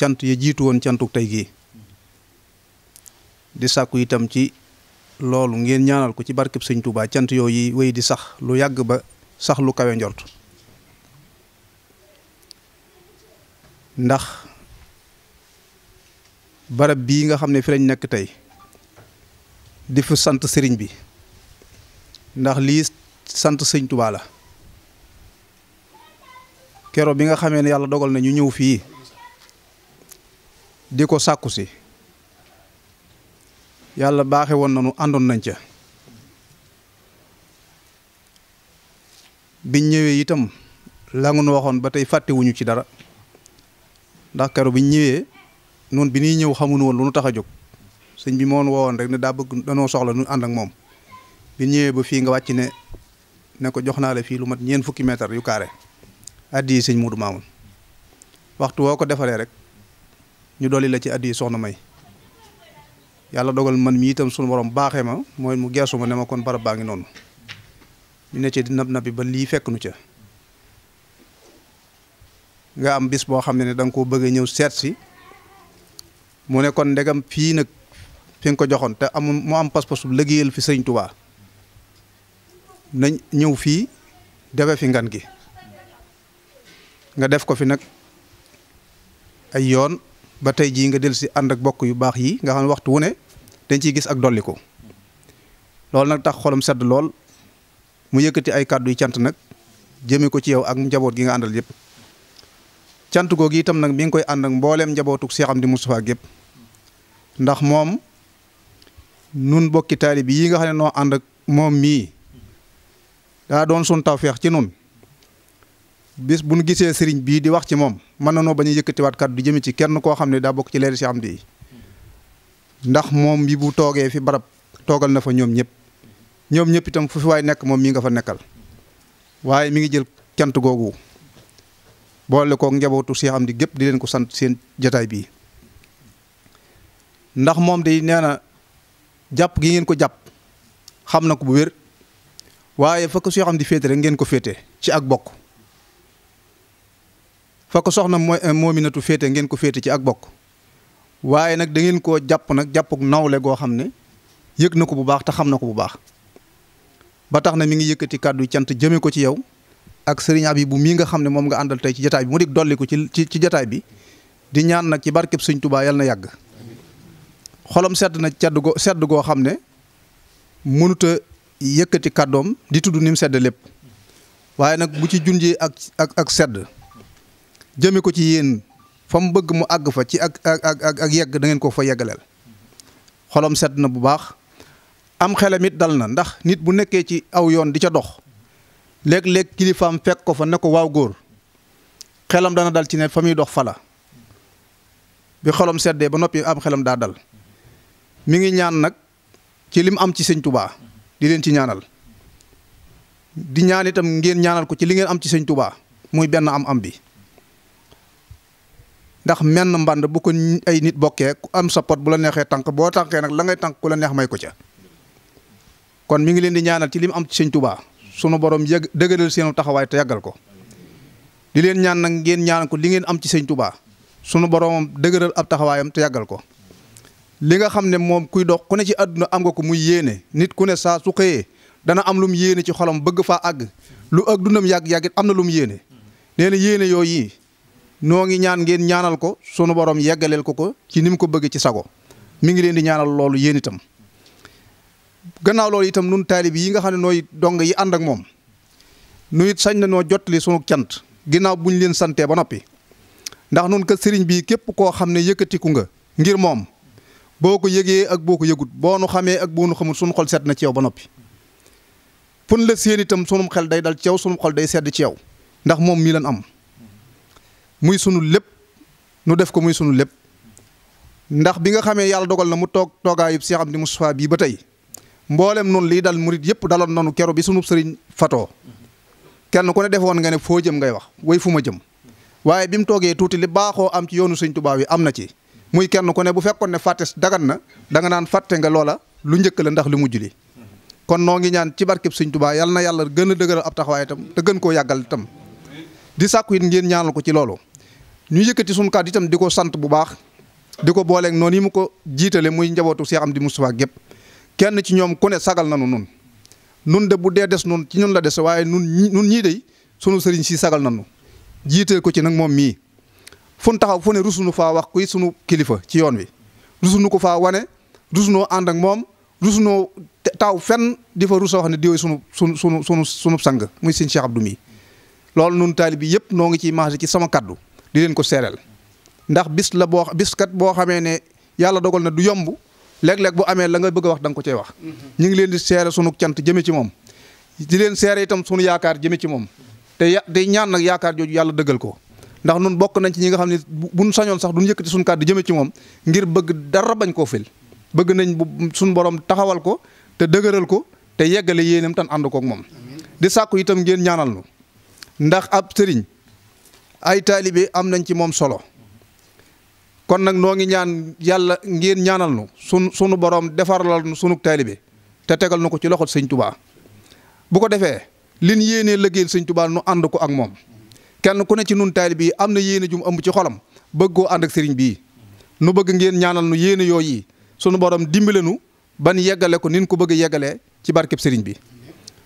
cant yi jiitu woon cantuk tey gii di sàkku itam ci loolu ngeen ñaanal ko ci barkeb sëñ Touba cant yooyu wéy di sax lu yàgg ba sax lu kawe njort ndax barab bii nga xam ne fi lañ nekk tey di fa sant sëriñ bi ndax lii sant sëñ Touba la kero bi nga xamee ne yàlla dogal na ñu ñëw fii di ko sàkku si yàlla baaxe woon nañu àndoon nañ ca biñ ñëwee itam la nu waxoon ba tey fàttewuñu ci dara ndax keroog biñ ñëwee noon bi ñuy ñëw xamuñu woon lu nu tax a jóg sëñ bi moon woowoon rek ne daa bëgg danoo soxla nu ànd ak moom bi ñëwee ba fii nga wàcc ne ne ko jox naa la fii lu mat ñeent fukki mètre yu kaare addi yi sëñ Modou Mamoun waxtu woo ko defaree rek ñu dolli la ci addi soxna may yàlla dogal man mi itam sunu borom baaxee ma mooy mu geesu ma ne ma kon barab baa ngi noonu ñu nekkee ci di nab nabi ba lii fekk nu ca nga am bis boo xam ne ne danga nga koo bëggee ñëw seet si mu ne kon ndegam fii nag fi nga ko joxoon te amul mu am pas-pasu liggéeyal fi sëriñ Tubaa nañ ñëw fii defe fi ngan gi nga def ko fi nag ay yoon ba tey jii nga dellu si ànd ak bokk yu baax yi nga xam ne waxtu wu ne dañ ciy gis ak ko loolu nag tax xolam sedd lool mu yëkkati ay kàddu yu cant nag jëmee ko ci yow ak njaboot gi nga àndal yëpp cant googu itam nag mi ngi koy ànd ak mbooleem njabootug seexam di Moustapha ak yëpp ndax moom nun bokki taalib yi nga xam ne noo ànd ak moom mii daa doon sun feex ci nun bis bu nu gisee sëriñ bii di wax ci moom mën na noo bañ a yëkkatiwaat kàddu du jëme ci kenn koo xam ne daa bokk ci leer si di ndax moom bi toogee fi barab toogal na fa ñoom ñëpp ñoom ñëpp itam nekk moom mii nga fa nekkal waaye mi ngi jël cant googu boole ko njabootu Cheikh gépp di leen ko sant seen jataay bii ndax moom day nee na jàpp gi ngeen ko jàpp xam na ko bu wér waaye fa ko Cheikh Amdi féete rek ngeen ko féete ci ak bokk fa ko soxna moominatu eh, féete ngeen ko féete ci ak bokk waaye nag da ngeen koo jàpp nag jàppuk nawle goo xam ne yëg na ko bu baax te xam na ko bu baax ba tax na mu ngi yëkkati kàddu cant jëme ko ci yow ak sëriñ abi bu mii nga xam ne moom nga àndal tey ci jataay bi mu dik dolli ko ci ci jataay bi di ñaan nag ci barkeb sëñ Tuubaa yal na yàgg xolam sedd na sedd sedd goo xam ne mënut a yëkkati kàddoom di tudd ni sedd lépp waaye nag bu ci junjee ak ak ak sedd jëme ko ci yéen fa mu bëgg mu àgg fa ci ak ak ak yegg dangeen ngeen ko fa yeggaleel xolom sedd na bu baax am xelam it dal na ndax nit bu nekkee ci aw yoon di ca dox léeg-léeg kilifaam fekk ko fa ne ko waaw góor xelam dana dal ci ne fa muy dox fala bi xolom seddee ba noppi am xelam daa dal mi ngi ñaan nag ci lim am ci sëñ tubaa di leen ci ñaanal di ñaan itam ngeen ñaanal ko ci li ngeen am ci sëñ tubaa muy benn am am bi ndax menn mband bu ko ay nit bokkee ku am sa pot bu la neexee tànk boo tànkee nag la ngay tànk ku la neex may ko ca kon mi ngi leen di ñaanal ci li mu am ci sëñ Tuubaa sunu borom yëg dëgëral seenu taxawaay te yàggal ko di leen ñaan nag ngeen ñaan ko li ngeen am ci sëñ sunu boromam dëgëral ab taxawaayam te yàggal ko li nga xam ne moom kuy dox ku ne ci àdduna am nga ko muy yéene nit ku ne saa su xëyee dana am lu mu yéene ci xolam bëgg faa àgg lu ak yàgg-yàggit am na lu mu yéene nee na yéene yooyu noo ngi ñaan ngeen ñaanal ko sunu borom yeggaleel ko ko ci ni mu ko bëgg ci sago mi ngi leen di ñaanal loolu yéen itam. gannaaw loolu itam nun taalib yi nga xam ne nooy dong yi ànd ak moom nu it sañ na noo jottali sunu cant bu buñ leen santee ba noppi ndax nun ka sëriñ bii képp koo xam ne yëkkatiku nga ngir moom boo ko yëgee ak boo ko yëgut boo nu xamee ak boo nu xamul sunu xol sedd na ci yow ba noppi. pun la seen itam sunum xel day dal ci yow sunum xol day sedd ci yow ndax moom mii lan am. muy sunu lépp nu def ko muy sunu lépp ndax bi nga xamee yàlla dogal na mu toog toogaayub Cheikh Amdi Moustapha bii ba tey mboolem noon lii dal murit yëpp daloon nanu kero bi sunu sëriñ fatoo kenn ku ne defoon nga ne foo jëm ngay wax way fu ma jëm waaye bi mu toogee tuuti li baaxoo am ci yoonu sëñ Tuubaa wi am na ci muy kenn ku ne bu fekkoon ne fàttes dagan na danga naan fàtte nga loola lu njëkk la ndax li mujj li kon noo ngi ñaan ci barkeb sëñ Tuubaa yal na yàlla gën a dëgëral ab taxawaay itam gën koo yàggal itam di sàkku it ngeen ñaanal ko ci loolu ñu yëkkati suñu kàddu tam di ko sant bu baax di ko booleeg noonu yi mu ko jiitale muy njabootu seexam di Moustapha gépp kenn ci ñoom ku ne sagal nanu nun nun de bu dee des nun ci ñun la des waaye nun nun ñii de sunu sëriñ si sagal nanu jiitee ko ci nag moom mii fun taxaw fu ne rusunu faa wax kuy sunu kilifa ci yoon wi nu ko faa wane rusunoo ànd ak moom rusunoo taw fen di fa rusa wax ne diwooy sunu sunu sunu sunu sunu sang muy sëñ Cheikh du mii loolu nun taali bi yëpp noo ngi ciy maase ci sama kaddu di leen ko seereel ndax bis la boo bis boo xamee ne yàlla dogal na du yomb léeg-léeg bu amee la nga bëgg a wax da nga ko cee wax mm-hmm. ñu ngi leen di seere sunu cant jëme ci moom di leen seere itam sunu yaakaar jëme ci moom te ya te ñaan nag yaakaar jooju yàlla dëggal ko ndax nun bokk nañ ci ñi nga xam ne buñ sañoon sax duñ yëkkati suñu kàddu jëme ci moom ngir bëgg dara bañ koo fil bëgg nañ suñu borom taxawal ko te dëgëral ko te yeggale yéenam tan ànd kook moom itam ngeen ñaanal ndax ab sëriñ ay taalibe am nañ ci moom solo kon nag noo ngi ñaan yàlla ngeen ñaanal nu sunu borom defaralal nu sunu taalibe te tegal nu ko ci loxol sëñ tubaa bu ko defee lin yéenee lëggéeyal sëñ tubaa nu ànd ko ak moom kenn ku ne ci nun taalibe yi am na yéene jum ëmb ci xolam bëgg koo ànd ak sëriñ bii nu bëgg ngeen ñaanal nu yéene yooyu yi sunu borom dimbale nu ban yeggale ko nin ko bëgg yeggalee ci barkeb sëriñ bi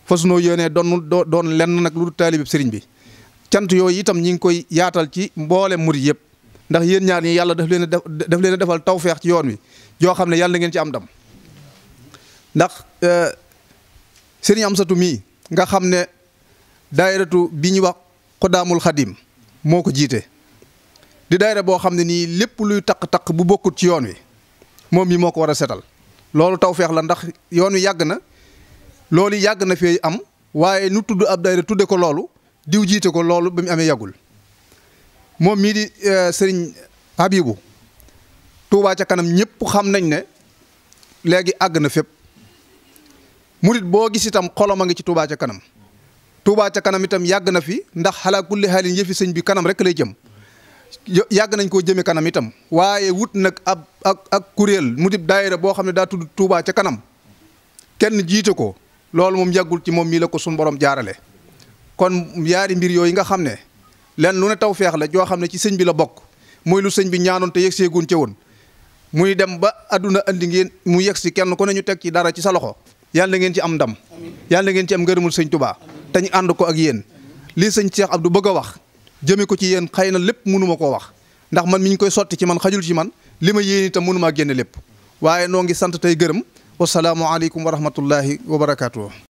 fasunoo yéenee doon doon lenn nag lu taalibe sëriñ bi cant yooyu itam ñi ngi koy yaatal ci mboolem murid yëpp ndax yéen ñaar ñi yàlla daf leen daf leen defal tawfeex ci yoon wi yoo xam ne yàlla ngeen ci am dam ndax euh, sëriñ Amsatu mii nga xam ne daayiratu bi ñu wax Xudaamul Xadim moo ko jiite di daayira boo xam ne nii lépp luy taq-taq bu bokkut ci yoon wi moom mii moo ko war a setal loolu tawfeex la ndax yoon wi yàgg na loolu yàgg na fee am waaye nu tudd ab daayira tudde ko loolu diw jiite ko loolu ba mu amee yàggul moom mii di euh, sëriñ Habibou tuubaa ca kanam ñëpp xam nañ ne léegi àgg na fépp murit boo gis itam xolam a ngi ci Touba ca kanam tuubaa ca kanam itam yàgg na fi ndax xalaa kulli xaalin yëfi sëñ bi kanam rek lay jëm yàgg nañ ko jëme kanam itam waaye wut nag ab ak ak kuréel mu di boo xam ne daa tudd Touba ca kanam kenn jiite ko loolu moom yàggul ci moom mii la ko suñu borom jaarale kon yaari mbir yooyu nga xam ne lenn lu ne taw feex la joo xam ne ci sëñ bi la bokk muy lu sëñ bi ñaanoon te yegg seegun ca woon muy dem ba adduna andi ngeen mu yegg si kenn ku ne ñu teg ci dara ci sa loxo yàlla na ngeen ci am ndam yàlla na ngeen ci am ngërëmul sëñ Tuubaa te ñu ànd ko ak yéen lii sëñ Cheikh du bëgg a wax jëme ko ci yéen xëy na lépp mënuma koo wax ndax man mi ñu koy sotti ci man xajul ci man li ma yéen itam mënumaa génne lépp waaye noo ngi sant tey gërëm wasalaamualeykum wa rahmatullahi wa